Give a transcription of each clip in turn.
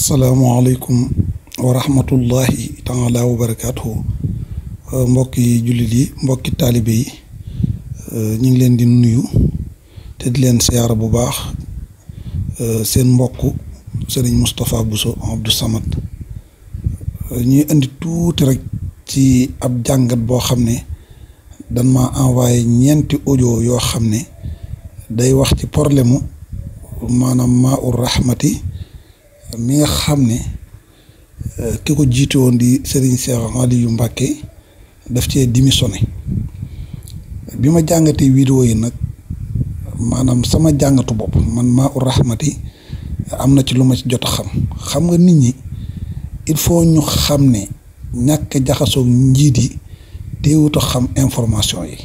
asalaamualeykum wa rahmatullahi taala wa barakaatuhu euh, mbokki jullit yi mbokki taalibe yi euh, ñu ngi leen di nuyu te di leen siyaara bu baax euh, seen mbokk sëriñ Moustapha Bousso Abdou Samad ñuy indi tuuti rek ci ab jàngat boo xam ne dan ma envoyé ñeenti audio yoo xam ne day wax ci problème maanaam maa ur rahmati mi nga xam ne euh, ki ko jiite woon di Serigne Cheikh Aliou Mbacke daf cee démissionné bi ma jàngatee vidéo yi nag maanaam sama jàngatu bopp man maa u rahmati am na ci lu ma ci jot a xam xam nga nit ñi il faut ñu xam ne ñàkk jaxasoog njiit yi teewut a xam information yi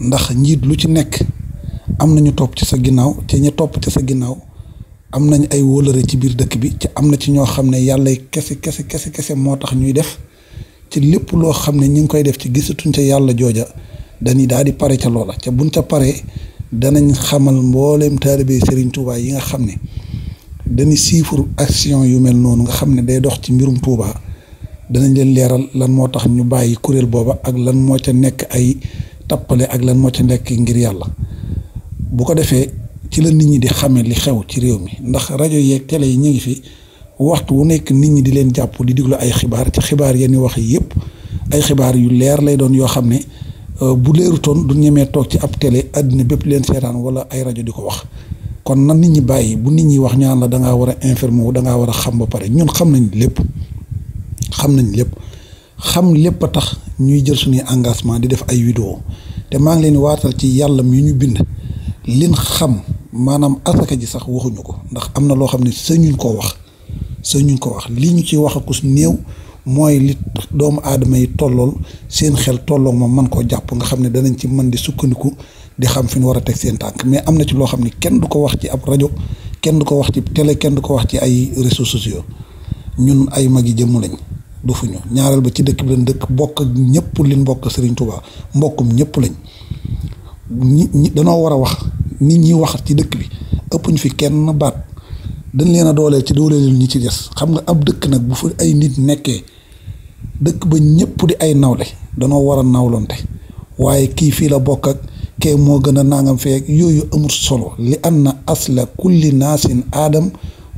ndax njiit lu ci nekk am na ñu topp ci sa ginnaaw te ñu topp ci sa ginnaaw. am nañ ay wóolare ci biir dëkk bi ci am na ci ñoo xam ne yàlla kese kese kese kese moo tax ñuy def ci lépp loo xam ne ñu ngi koy def ci gisatuñ ca yàlla jooja dañuy daal di pare ca loola ca buñ ca paree danañ xamal mbooleem taalibe Serigne Touba yi nga xam ne dañuy siifur action yu mel noonu nga xam ne day dox ci mbirum Touba danañ leen leeral lan moo tax ñu bàyyi kuréel booba ak lan moo ca nekk ay tappale ak lan moo ca nekk ngir yàlla bu ko defee. ci la nit ñi di xamee li xew ci réew mi ndax rajo yeeg tele yi ñu ngi fi waxtu wu nekk nit ñi di leen jàpp di diglu ay xibaar ci xibaar yenn wax yëpp ay xibaar yu leer lay doon yoo xam ne euh, bu leerutoon du ñemee toog ci ab télé àddina bépp leen seetaan wala ay rajo di ko wax kon na nit ñi bàyyi bu nit ñi wax ñaan la da ngaa war a informer wu da ngaa war a xam ba pare ñun xam nañ lépp xam nañ lépp xam lépp a tax ñuy jël suñuy engagement di def ay vidéo te maa ngi leen ci yàlla mi ñu bind maanaam asaka ji sax waxuñu ko ndax am na loo xam ne sañuñ koo wax sañuñ ko wax li ñu ci wax akus néew mooy li doomu aadama yi tollool seen xel tolloog ma man koo jàpp nga xam ne danañ ci mën di sukkandiku di xam fi ñu war a teg seen tànk mais am na ci loo xam ne kenn du ko wax ci ab rajo kenn du ko wax ci tele kenn du ko wax ci ay réseaux sociaux ñun ay mag yi jëmm lañ du fu ñaareel ba ci dëkk bi lañ dëkk bokk ak ñëpp liñ bokk Serigne Touba mbokkum ñëpp lañ ñi danoo war a wax. nit ñi wax ci dëkk bi ëpp ñu fi kenn baat dañ leen a dooleel ci dooleelul ñi ci des xam nga ab dëkk nag bu fa ay nit nekkee dëkk ba ñëpp di ay nawle danoo war a nawlonte waaye kii fii la bokk ak kee moo gën a nangam feek yooyu amul solo li na asla kulli naasin aadam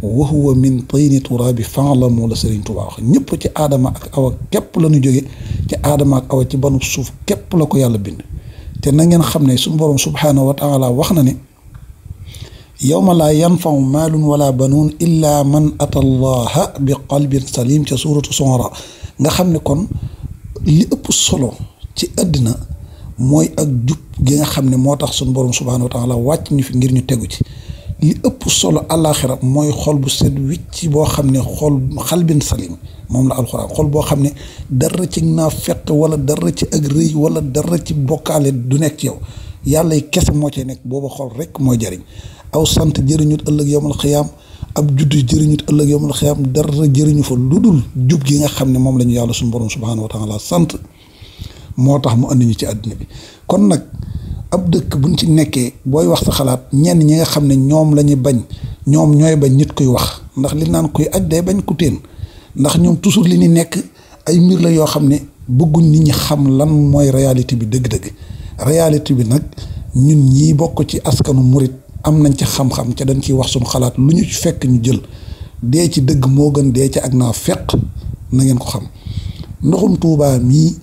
wa huwa min tayni turaabi fa'lamu la Sëriñ Tuubaa wax ñëpp ci aadama ak awa képp la ñu jóge ci aadama ak awa ci banu suuf képp la ko yàlla bind te nangeen xam ne suñu borom subhaanahu wa ala wax na ne yowma laa yanfaw maalun wala banuun illa man ata allaha bi qalbin salim ca suuratu sonra nga xam ne kon li ëpp solo ci àddina mooy ak jub gi xam ne moo tax suñu borom subhaanahu wa taala wàcc ñu fi ngir ñu tegu ci li ëpp solo àllaaxira mooy xol bu set wicc boo xam ne xol xalbin salim moom la alxuraan xol boo xam ne dara ci naa fett wala dara ci ak rëy wala dara ci bokkaale du nekk ci yow yàlla kese moo cay nekk boobu xol rek mooy jariñ aw sant jëriñut ëllëg yowmal xiyaam ab juddu jëriñut ëllëg yowmal xiyaam dara jëriñu fa lu dul jub gi nga xam ne moom la ñu yàlla suñu borom subhaanahu wa taala sant moo tax mu andi ñu ci àddina bi kon nag ab dëkk buñ ci nekkee booy wax sa xalaat ñenn ñi nga xam ne ñoom la ñuy bañ ñoom ñooy bañ nit kuy wax ndax li naan kuy aj day bañ ku teen ndax ñoom toujours li ñu nekk ay mbir la yoo xam ne bëgguñ nit ñi xam lan mooy réalité bi dëgg-dëgg réalité bi nag ñun ñii bokk ci askanu murit am nañ ci xam-xam ca dañ ciy wax suñu xalaat lu ñu fekk ñu jël dee ci dëgg moo gën dee ci ak naa feq na ngeen ko xam ndoxum Tuubaa mii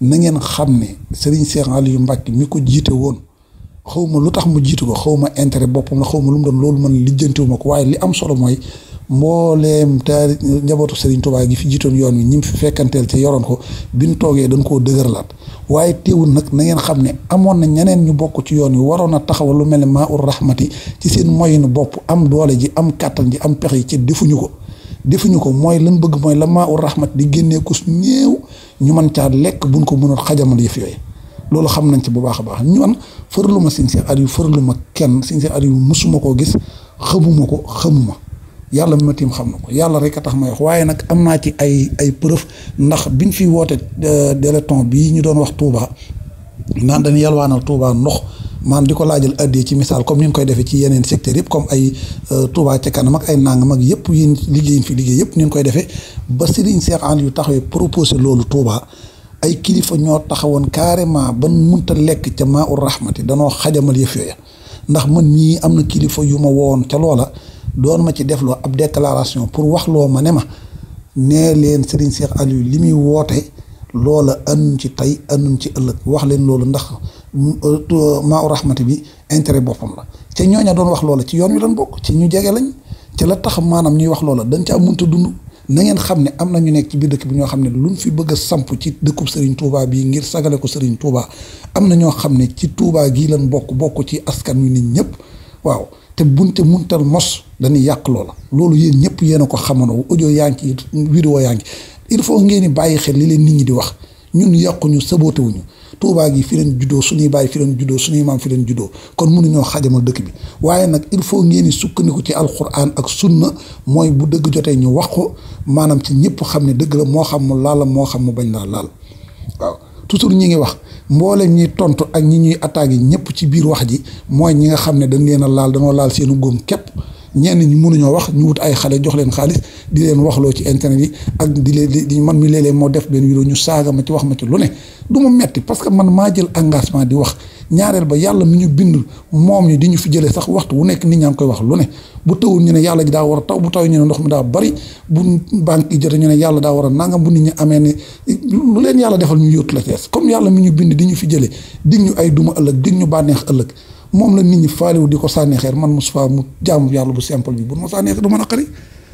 na ngeen xam ne Serigne Cheikh yu Mbacke mi ko jiite woon xaw ma lu tax mu jiitu ko xaw ma intérêt boppam la xaw ma lu mu doon loolu mën lijjantiwu ko waaye li am solo mooy mbooleem taari njabootu Serigne Touba gi fi jiitoon yoon wi ñi fi fekkanteel ca yoroon ko bi ñu toogee dañ koo dëgërlaat waaye teewul nag na ngeen xam ne amoon na ñeneen ñu bokk ci yoon wi waroon a taxawal lu mel ne maa ur rahmati ci seen moyenu bopp am doole ji am kàttan ji am pexe yi ci defuñu ko defuñu ko mooy lan bëgg mooy la maa ur di génnee kus néew ñu man caa lekk buñ ko mënul xajamal yëf yooyu loolu xam nañ ci bu baax a baax ñu man fërlu ma Sëñ Cheikh Aliou fërlu ma kenn Sëñ Cheikh Aliou musuma koo gis xamuma ko xamuma yàlla mi ma tiim xam na ko yàlla rek a tax may wax waaye nag am naa ci ay ay preuve ndax biñ fi woote euh, déleton bii ñu doon wax tuubaa naan dañu yalwaanal tuubaa ndox maanaam di ko laajal addee ci misaal comme ni nu koy defee ci yeneen secteurs yëpp comme ay euh, Touba ca kanam ak ay nangam ak yëpp yi liggéey fi liggéey yëpp ni nu koy defee ba Serigne Cheikh Aliou taxawee proposé loolu Touba ay kilifa ñoo taxawoon carrément ban munta lekk ca maa ur rahmati danoo xajamal yëf yooya ndax man ñii am na kilifa yu ma woon ca loola doon ma ci def loo ab déclaration pour wax loo ma ne ma nee leen Serigne Cheikh yu li muy woote loola ci tey anuñ ci ëllëg wax leen loolu ndax. maa u rahmati bi intérêt boppam la te ñooña doon wax loola ci yoon wi lañ bokk ci ñu jege lañ ci la tax maanam ñuy wax loola dañ caa mënta dund na ngeen xam ne am na ñu nekk ci biir dëkk bi ñoo xam ne luñ fi bëgg a samp ci dëkku sëriñ Touba bii ngir sagale ko Serigne Touba am na ñoo xam ne ci tuubaa gii lañ bokk bokku ci askan wi nit ñëpp waaw te bunte muntal mos dañuy yàq loola loolu yéen ñëpp yéen a ko xamanoo audio yaa ngi ci yaa ngi il faut ngeen di bàyyi xel li leen nit ñi di wax ñun yàquñu saboote Touba gi fi leen juddoo suñuy bàyyi fi leen juddoo suñuy maam fi leen juddoo kon mënuñoo xajamal dëkk bi waaye nag il faut ngeen sukkandiku ci alquran ak sunna mooy bu dëgg jotee ñu wax ko maanaam ci ñëpp xam ne dëgg la moo xam mu laal moo xam mu bañ laa laal waaw toujours ñi ngi wax mboolem ñi tontu ak ñi ñuy attaques yi ñëpp ci biir wax ji mooy ñi nga xam ne dañ leen a laal danoo laal seenu góom képp ñenn ñi mënuñoo wax ñu wut ay xale jox leen xaalis di leen waxloo ci internet yi ak di leen di man mi léeg moo def benn vidéo ñu saaga ma ci wax ma ci lu ne du ma metti parce que man maa jël engagement di wax ñaareel ba yàlla mi ñu bind moom ñi di ñu fi jëlee sax waxtu wu nekk nit ñaa ngi koy wax lu ne bu tawul ñu ne yàlla ji daa war a taw bu taw ñu ne ndox mi daa bari bu banque yi jote ñu ne yàlla daa war a nangam bu nit ñi amee ni lu leen yàlla defal ñu yóotu la cees comme yàlla mi ñu bind di ñu fi jëlee dig ñu ay duma ëllëg dig ñu bànneex ëllëg moom la nit ñi faaliwu di ko sànni xeer man Moustapha mu jaamu yàlla bu simple bi bu ma sànni xeer du ma naqari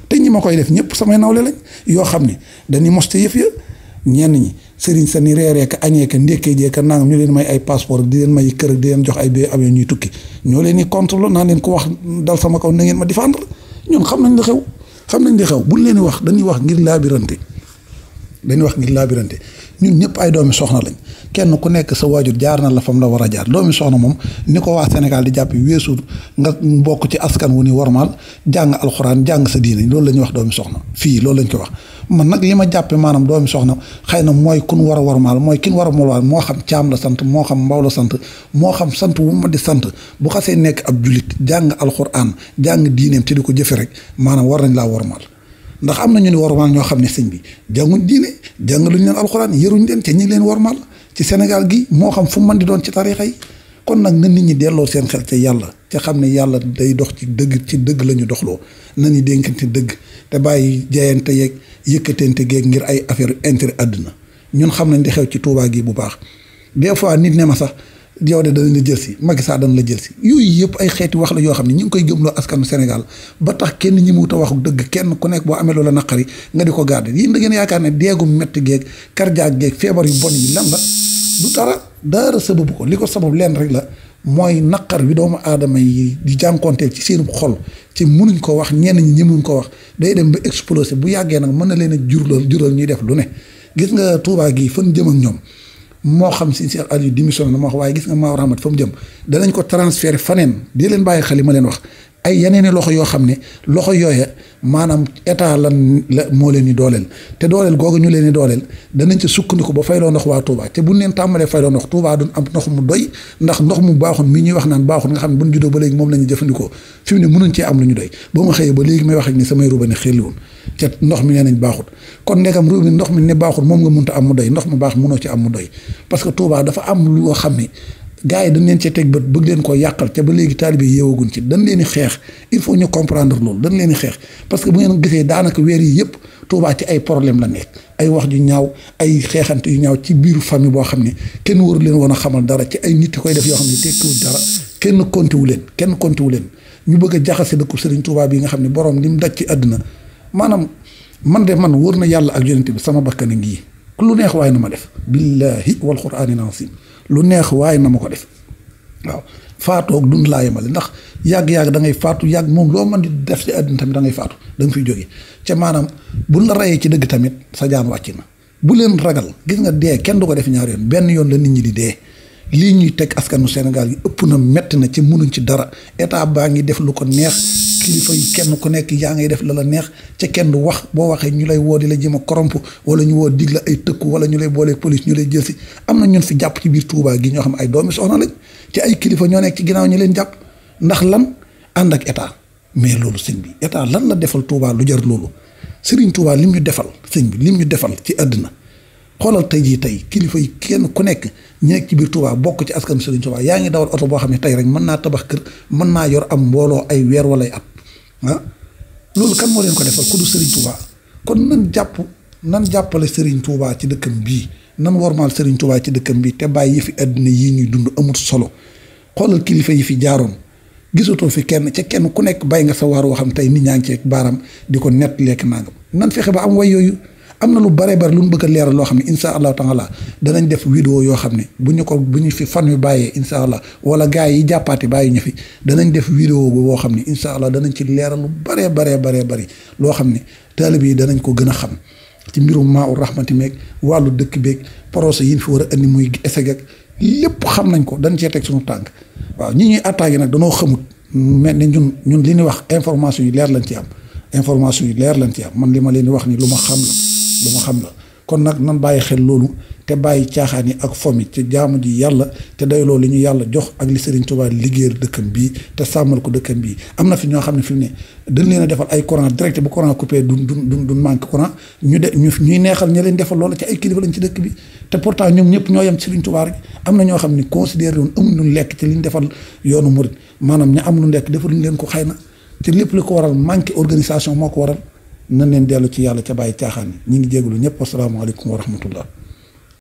te ñi ma koy def ñëpp samay nawle lañ yoo xam ne dañuy moste yëf ya ñi sëriñ sa ni reeree ka añee ka ndékkee jee ka nangam ñu leen may ay passeport di leen may kër di leen jox ay bee amee ñuy tukki ñoo leen di naa leen ko wax dal sama kaw na ngeen ma défendre ñun xam nañ la xew xam nañ li xew bu buñ leen di wax dañuy wax ngir laabirante dañuy wax ngir laabirante ñun ñëpp ay doomi soxna lañ kenn ku nekk sa waajur jaar na la fam la war a jaar doomi soxna moom ni ko waa Sénégal di jàpp weesu nga bokk ci askan wu ni warmaal jàng alxuraan jàng sa diine loolu la ñuy wax doomi soxna fii loolu lañ koy wax man nag li ma jàppe maanaam doomi soxna xëy na mooy kun war a warmaal mooy kin war a molwaal moo xam caam la sant moo xam mbaw sant moo xam sant ma di sant bu xasee nekk ab julit jàng alxuraan jàng diineem te di ko jëfe rek maanaam war nañ laa warmaal ndax am na ñu ni wormaal ñoo xam ne sëñ bi jànguñ diine jàngaluñ leen alxuraan yëruñ leen ca ñi leen wormaal ci Sénégal gi moo xam fu mën di doon ci tarixa yi kon nag na nit ñi delloo seen xel ca yàlla ci xam ne yàlla day dox ci dëgg ci dëgg la ñu doxloo na ñu dénkante dëgg te bàyyi jayante yeeg yëkkatante geeg ngir ay affaire intérêt àdduna ñun xam nañ di xew ci Tuubaa gi bu baax des fois nit ne ma sax yow de danañ la jël si Macky Sall dana la jël si yooyu yëpp ay xeeti wax la yoo xam ne ñu ngi koy gëmloo askanu Sénégal ba tax kenn ñi mu ta wax dëgg kenn ku nekk boo amee loola naqari nga di ko gàdd yéen da ngeen yaakaar ne deegu metti geeg cardiaque geeg feebar yu bon yi lan la du dara dara sababu ko li ko sabab leen rek la mooy naqar bi doomu aadama yi di jànkonteel ci seen xol ci munuñ ko wax ñenn ñi munuñ ko wax day dem ba explosé bu yàggee nag mën na leen a jural jural ñuy def lu ne gis nga Touba gii fan jëm ak ñoom moo xam si Cheikh Aliou démission na ma wax waaye gis nga Maodo Rahmat fa mu jëm danañ ko transféré faneen di leen bàyyi xel li ma leen wax ay yeneen i loxo yoo xam ne loxo yooya maanaam état lan la moo leen di dooleel te dooleel googu ñu leen di dooleel danañ ca sukkandiku ba fayloo ndox waa Touba te buñ leen tàmbalee fayloo ndox Touba duñ am ndox mu doy ndax ndox mu baaxoon mi ñuy wax naan baaxoon nga xam ne buñ juddoo ba moom la ñu jëfandikoo lu ñu doy ba ma xëyee ba léegi may wax ak ni samay ruba ne xelliwoon ca ndox mi nañ baaxut kon ndegam ruba ndox mi ne baaxut moom nga mun munta am mu doy ndox mu baax mënoo ci am mu doy parce que Touba dafa am loo xam ni gars yi dañ leen cee teg bët bëgg leen ko yàqal ca ba léegi taalibe yeewaguñ ci dañ leen di xeex il faut ñu comprendre loolu dañ leen di xeex parce que bu ngeen gisee daanaka weer yi yëpp Tuubaa ci ay problème la nekk ay wax yu ñaaw ay xeexante yu ñaaw ci biiru famille boo xam ne kenn waru leen woon a xamal dara ci ay nit koy def yoo xam ne tekkiwul dara kenn kontiwu leen kenn kontiwu leen ñu bëgg a jaxase dëkku Sëriñ Tuubaa bi nga xam ne boroom ni mu daj ci àdduna maanaam man de man wóor na yàlla ak yonent bi sama bakkan a ngi lu neex waaye na ma def billahi wal qur'aanil aziim lu neex waaye na ma ko def waaw faatoo faatoog dund laa yemale ndax yàgg-yàgg da faatu yàgg moom loo man di def ci àddina tamit dangay ngay faatu da nga fiy jógee ca maanaam bu la rayee ci dëgg tamit sa jaan wàcc na bu leen ragal gis nga dee kenn du ko def ñaar yoon benn yoon la nit ñi di dee lii ñuy teg askanu Sénégal yi ëpp na metti na ci mënuñ ci dara état baa ngi def lu ko neex kilifa yi kenn ku nekk yaa ngay def la la neex ca kenn du wax boo waxee ñu lay woo di la jëm a koromp wala ñu woo dig la ay tëkku wala ñu lay boolee police ñu lay jël am na ñun fi jàpp ci biir Touba gi ñoo xam ay doomi soxna lañ ci ay kilifa ñoo nekk ci ginnaaw ñu leen jàpp ndax lan ànd ak état mais loolu sëñ bi état lan la defal Touba lu jar loolu Serigne Touba lim ñu defal sëñ bi lim ñu defal ci àddina xoolal tey jii tey kilifa yi kenn ku nekk ñu nekk biir Touba bokk ci askan Serigne Touba yaa ngi dawal oto boo xam ne tey rek mën naa tabax kër mën naa yor am mbooloo ay weer wala ay at ah loolu kan moo leen ko defal ku du Serigne Touba kon nan jàpp nan jàppale Serigne Touba ci dëkkam bii nan wormaal Serigne Touba ci dëkkam bii te bàyyi yëfi àddina yi ñuy dund amut solo xoolal kilifa yi fi jaaroon gisatoo fi kenn ci kenn ku nekk bàyyi nga sa waar woo xam tey nit ñaa ngi ci baaraam di ko nett lekk nangam nan fexe ba am way yooyu. am na lu bare bare lu ñu bëgg a leeral loo xam ne incha allahu taala danañ def vidéo yoo xam ne bu ñu ko bu ñu fi fan yu bàyyee incha allah wala gars yi jàppaati bàyyi ñu fi danañ def vidéo woo xam ne incha allah danañ ci leeral lu bare baree baree bëri loo xam ne taalib yi danañ ko gën a xam ci mbirum maa ul rahmati meeg wàllu dëkk beeg projet yi ñu fi war a andi muy échec ak lépp xam nañ ko dañ cee teg suñu tànk waaw ñi ñuy attaqué nag danoo xamut mais ne ñun ñun li wax information yi leer lañ ci am information yi leer lañ ci am man li ma leen di wax ni lu ma xam la lu xam na kon nag nan bàyyi xel loolu te bàyyi caaxaan yi ak fomi ci jaamu ji yàlla te day loolu li ñu yàlla jox ak li Serigne Touba liggéeyal dëkkam bii te sàmmal ko dëkkam bii am na fi ñoo xam ne fi mu ne dañ leen ay courant direct bu courant coupé du du du du manque courant ñu de neexal ña leen defal ci ay kilifa lañ ci dëkk bi te pourtant ñoom ñëpp ñoo yem ci Serigne Touba rek am na ñoo xam ne considéré woon amuñu lu lekk ci li ñu defal yoonu murit maanaam ña am lu lekk defaluñ leen ko xay na te lépp li ko waral manque organisation moo ko waral nan leen dellu ci yàlla ca bàyyi caaxaan yi ngi jégalu ñëpp asalaamaaleykum wa rahmatullah